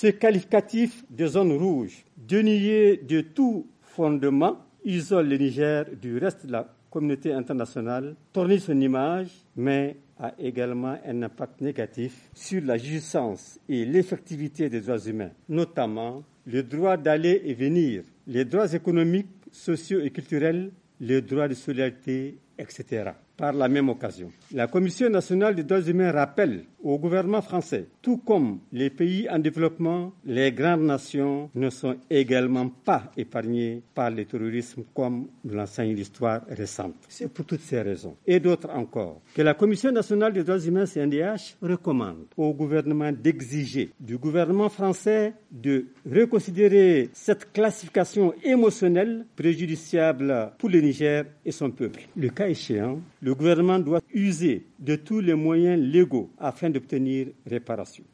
Ce qualificatif de zone rouge, dénié de tout fondement, isole le Niger du reste de la communauté internationale, tourne son image, mais a également un impact négatif sur la jouissance et l'effectivité des droits humains, notamment le droit d'aller et venir, les droits économiques, sociaux et culturels, les droits de solidarité etc. Par la même occasion, la Commission nationale des droits humains rappelle au gouvernement français, tout comme les pays en développement, les grandes nations ne sont également pas épargnées par le terrorisme comme l'enseigne l'histoire récente. C'est pour toutes ces raisons et d'autres encore que la Commission nationale des droits humains CNDH recommande au gouvernement d'exiger du gouvernement français de reconsidérer cette classification émotionnelle préjudiciable pour le Niger et son peuple. Le cas échéant, le gouvernement doit user de tous les moyens légaux afin d'obtenir réparation.